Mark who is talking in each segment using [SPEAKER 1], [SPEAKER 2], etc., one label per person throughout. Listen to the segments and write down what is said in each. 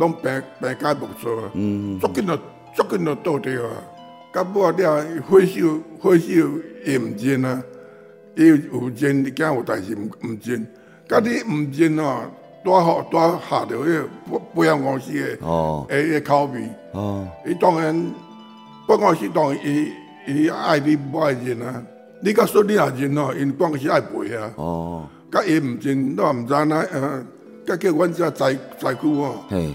[SPEAKER 1] 攞病病無錯，別別嗯，足緊就足緊着倒掉啊！咁我啲火燒，火燒伊毋認啊，有有認啲嘢有但係毋唔認，咁你唔認啊，帶好帶下條補保險公司嘅嘅口味，伊、哦、當然保險公司當然伊伊愛你唔愛認啊，你甲說你係認咯，因保險公司愛賠啊，甲伊毋認，你也毋知哪，甲叫阮只在在區喎。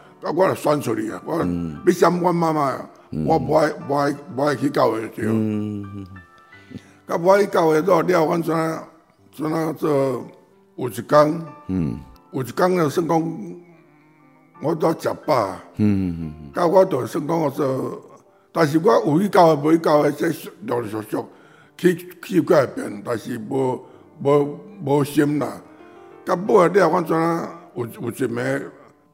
[SPEAKER 1] 噶我來選出來啊！我，要像我媽媽啊，我唔愛唔愛唔愛去教
[SPEAKER 2] 會對。噶
[SPEAKER 1] 唔愛去教會做了，我怎啊怎啊做？有一工，嗯、有一工就算講，我都食飽。噶我就、嗯、我就是算講說，但是我有去教會，無去教會，即熟熟熟熟去去過一遍，但是無無無心啦。噶尾了，我怎啊有有一暝？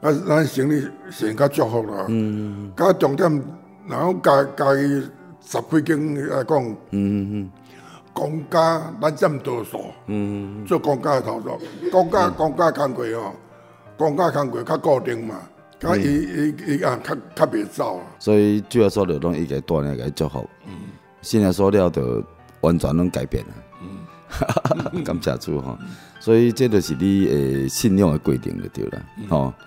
[SPEAKER 1] 啊，咱心裡先較祝福啦。較嗯嗯重點，然後家家伊十幾斤來講，工價咱占多數，做工價嘅操作，工價工價相對吼，工價相對較固定嘛，加伊伊伊啊，較較袂走、啊。
[SPEAKER 3] 所以主要塑料攏伊家鍛煉，一個祝福。新嘅塑料着完全攏改變啦。哈、嗯、 感謝主吼、喔。所以這就是你誒信用嘅規定就對啦，吼、嗯。